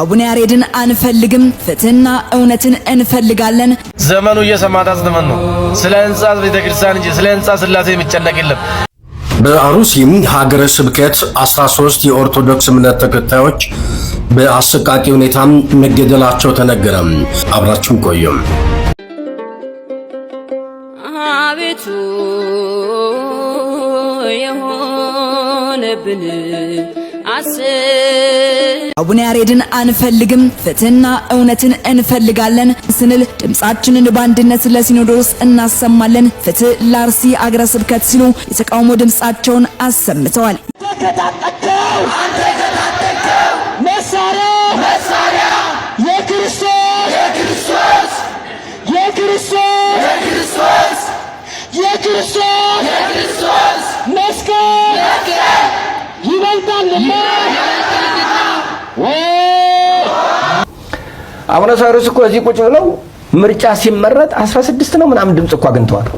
አቡነ ያሬድን አንፈልግም፣ ፍትህና እውነትን እንፈልጋለን። ዘመኑ የሰማዕታት ዘመን ነው። ስለ ህንጻ ቤተክርስቲያን እንጂ ስለ ህንጻ ስላሴ የሚጨነቅ የለም። በአሩሲም ሀገረ ስብከት 13 የኦርቶዶክስ እምነት ተከታዮች በአሰቃቂ ሁኔታም መገደላቸው ተነገረ። አብራችሁን ቆዩም። አቤቱ የሆነብን አስብ አቡነ ያሬድን አንፈልግም፣ ፍትህና እውነትን እንፈልጋለን ስንል ድምጻችንን በአንድነት ለሲኖዶስ እናሰማለን፣ ፍትህ ለአርሲ አገረ ስብከት ሲሉ የተቃውሞ ድምጻቸውን አሰምተዋል። የክርስቶስ መስቀል ይበልጣልና አቡነ ሳዊሮስ እኮ እዚህ ቁጭ ብለው ምርጫ ሲመረጥ 16 ነው ምናምን ድምፅ እኮ አግኝተዋል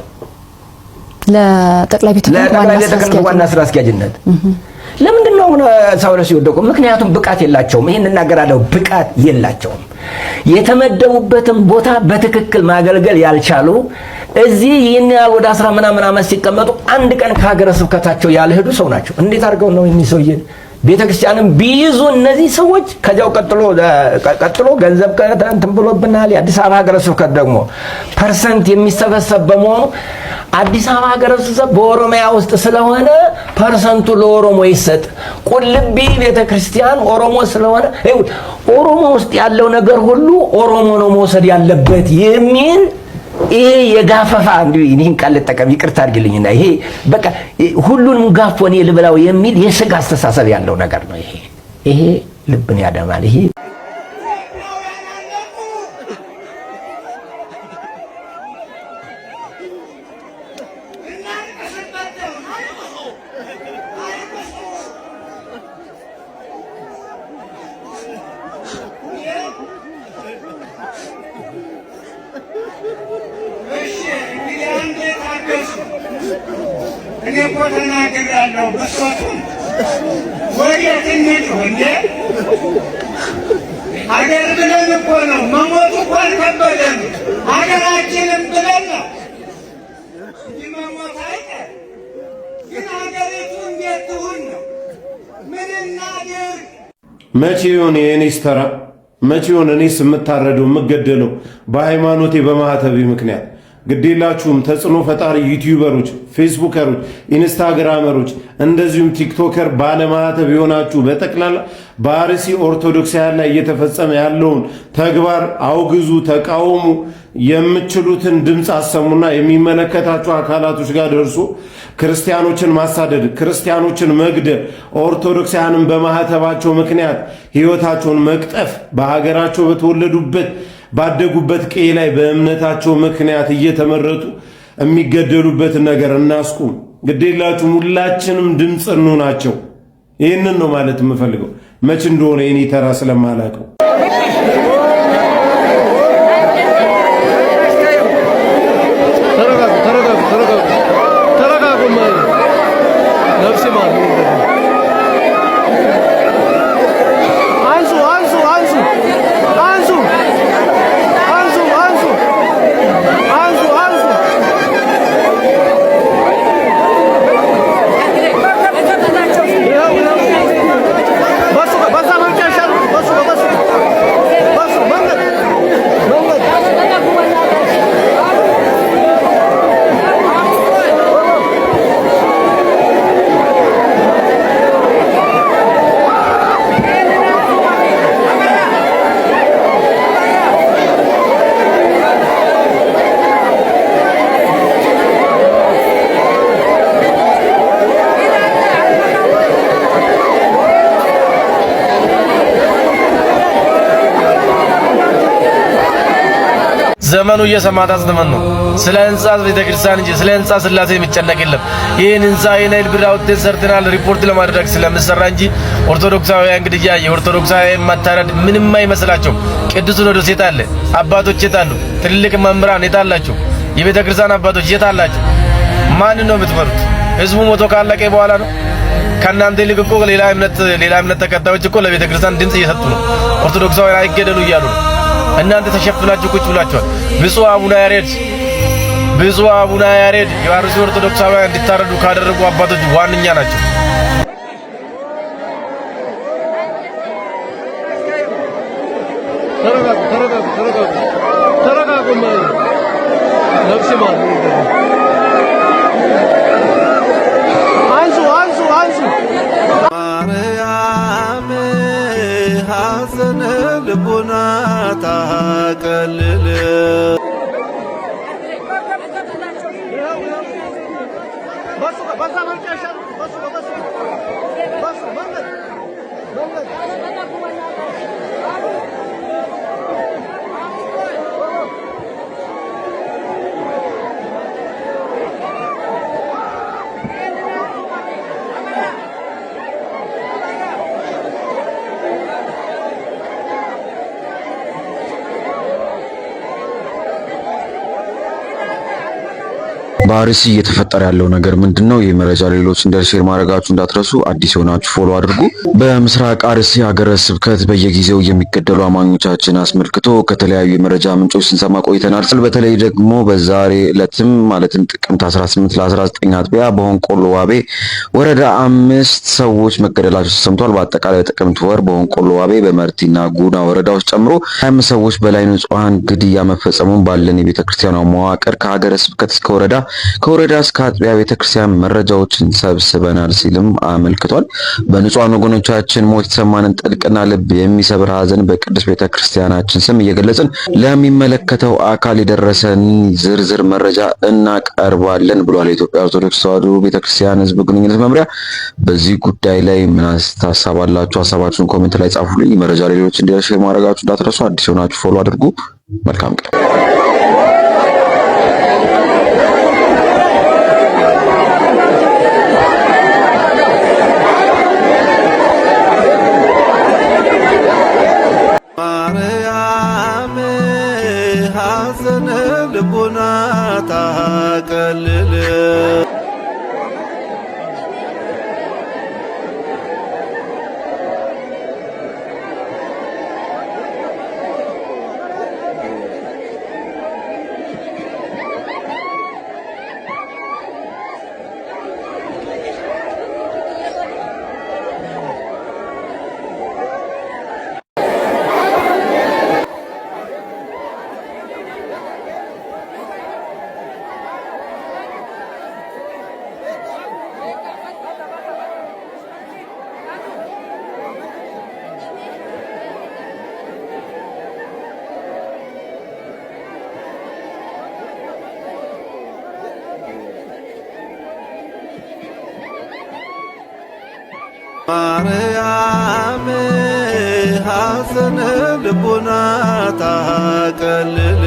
ለጠቅላይ ቤተ ክህነት ዋና ስራ አስኪያጅነት። ለምንድን ነው አቡነ ሳዊሮስ ይወደቁ? ምክንያቱም ብቃት የላቸውም። ይሄን እናገራለሁ፣ ብቃት የላቸውም። የተመደቡበትን ቦታ በትክክል ማገልገል ያልቻሉ እዚህ ይህን ያህል ወደ አስራ ምናምን ዓመት ሲቀመጡ አንድ ቀን ከሀገረ ስብከታቸው ያልሄዱ ሰው ናቸው። እንዴት አድርገው ነው የሚሰውየን ቤተ ቤተክርስቲያንም ቢይዙ እነዚህ ሰዎች ከዚያው ቀጥሎ ቀጥሎ ገንዘብ ቀረተን ብሎብናል። የአዲስ አበባ ሀገረ ስብከት ደግሞ ፐርሰንት የሚሰበሰብ በመሆኑ አዲስ አበባ ሀገረ ስብከት በኦሮሚያ ውስጥ ስለሆነ ፐርሰንቱ ለኦሮሞ ይሰጥ። ቁልቢ ቤተ ክርስቲያን ኦሮሞ ስለሆነ ኦሮሞ ውስጥ ያለው ነገር ሁሉ ኦሮሞ ነው መውሰድ ያለበት የሚል ይሄ የጋፈፋ እንዲሁ ይህን ቃል ልጠቀም ይቅርታ አድርግልኝና፣ ይሄ በቃ ሁሉንም ጋፍ ወኔ ልብላው የሚል የስጋ አስተሳሰብ ያለው ነገር ነው። ይሄ ይሄ ልብን ያደማል። ይሄ እኮ ተናገር ብሶቱን ወዴት እንሂድ እንዴ? ሀገር ብለን እኮ ነው እኮ ብለን ነው እንጂ መሞት አይቀር። ግን እንዴት ትሁን ነው? ምን እናድርግ? መቼ ይሁን የእኔስ ተራ? መቼ ይሁን እኔስ የምታረደው የምገደለው በሃይማኖቴ በማህተቤ ምክንያት ግዴላችሁም ተጽዕኖ ፈጣሪ ዩቲዩበሮች፣ ፌስቡከሮች፣ ኢንስታግራመሮች እንደዚሁም ቲክቶከር ባለማዕተብ የሆናችሁ በጠቅላላ በአርሲ ኦርቶዶክሳውያን ላይ እየተፈጸመ ያለውን ተግባር አውግዙ፣ ተቃውሙ። የምችሉትን ድምፅ አሰሙና የሚመለከታችሁ አካላቶች ጋር ደርሶ ክርስቲያኖችን ማሳደድ፣ ክርስቲያኖችን መግደል፣ ኦርቶዶክሳውያንን በማህተባቸው ምክንያት ሕይወታቸውን መቅጠፍ፣ በሀገራቸው በተወለዱበት ባደጉበት ቀይ ላይ በእምነታቸው ምክንያት እየተመረጡ የሚገደሉበትን ነገር እናስቁም። ግዴላችሁም፣ ሁላችንም ድምፅ እንሆናቸው። ይህንን ነው ማለት የምፈልገው። መች እንደሆነ የኔ ተራ ስለማላውቀው ዘመኑ የሰማዕታት ዘመን ነው። ስለ ህንጻ ቤተ እንጂ ስለ ህንጻ ስላሴ የሚጨነቅ የለም። ይህን ህንጻ የናይል ብር አውጥተን ሰርተናል ሪፖርት ለማድረግ ስለምሰራ እንጂ ኦርቶዶክሳውያን ግድያ፣ የኦርቶዶክሳውያን መታረድ ምንም አይመስላቸው። ቅዱስ ሲኖዶስ የት አለ? አባቶች የት አሉ? ትልልቅ መምህራን የት አላቸው? የቤተ ክርስቲያን አባቶች የት አላቸው? ማን ነው የምትመሩት? ህዝቡ ሞቶ ካለቀ በኋላ ነው። ከእናንተ ይልቅ እኮ ሌላ እምነት ሌላ እምነት ተከታዮች እኮ ለቤተ ክርስቲያን ድምጽ እየሰጡ ነው። ኦርቶዶክሳውያን አይገደሉ እያሉ ነው። እናንተ ተሸፍናችሁ ቁጭ ብላችኋል። ብፁዕ አቡነ ያሬድ ብፁዕ አቡነ ያሬድ የአርሲ ኦርቶዶክሳውያን እንዲታረዱ ካደረጉ አባቶች ዋነኛ ናቸው። noite, በአርሲ እየተፈጠረ ያለው ነገር ምንድን ነው? ይህ መረጃ ሌሎች እንደርሼር ማድረጋችሁ እንዳትረሱ። አዲስ የሆናችሁ ፎሎ አድርጉ። በምስራቅ አርሲ ሀገረ ስብከት በየጊዜው የሚገደሉ አማኞቻችን አስመልክቶ ከተለያዩ የመረጃ ምንጮች ስንሰማ ቆይተናል። በተለይ ደግሞ በዛሬ ዕለትም ማለትም ጥቅምት 18 ለ19 አጥቢያ በሆንቆሎ ዋቤ ወረዳ አምስት ሰዎች መገደላቸው ተሰምቷል። በአጠቃላይ ጥቅምት ወር በሆንቆሎ ዋቤ በመርቲና ጉና ወረዳዎች ጨምሮ 25 ሰዎች በላይ ንጹሐን ግድያ መፈጸሙን ባለን የቤተክርስቲያኗ መዋቅር ከሀገረ ስብከት እስከ ወረዳ ከወረዳ እስከ አጥቢያ ቤተክርስቲያን መረጃዎችን ሰብስበናል ሲልም አመልክቷል። በንጹሃን ወገኖቻችን ሞት የተሰማንን ጥልቅና ልብ የሚሰብር ሀዘን በቅዱስ ቤተክርስቲያናችን ስም እየገለጽን ለሚመለከተው አካል የደረሰን ዝርዝር መረጃ እናቀርባለን ብሏል። የኢትዮጵያ ኦርቶዶክስ ተዋሕዶ ቤተክርስቲያን ህዝብ ግንኙነት መምሪያ በዚህ ጉዳይ ላይ ምን ታሳባላችሁ? ሀሳባችሁን ኮሜንት ላይ ጻፉልኝ። መረጃ ሌሎች እንዲደርስ ማድረጋችሁ እንዳትረሱ። አዲስ የሆናችሁ ፎሎ አድርጉ። መልካም ቀን ልቡና ታቀልል ማርያም ሐዘን ልቡና ታቀልል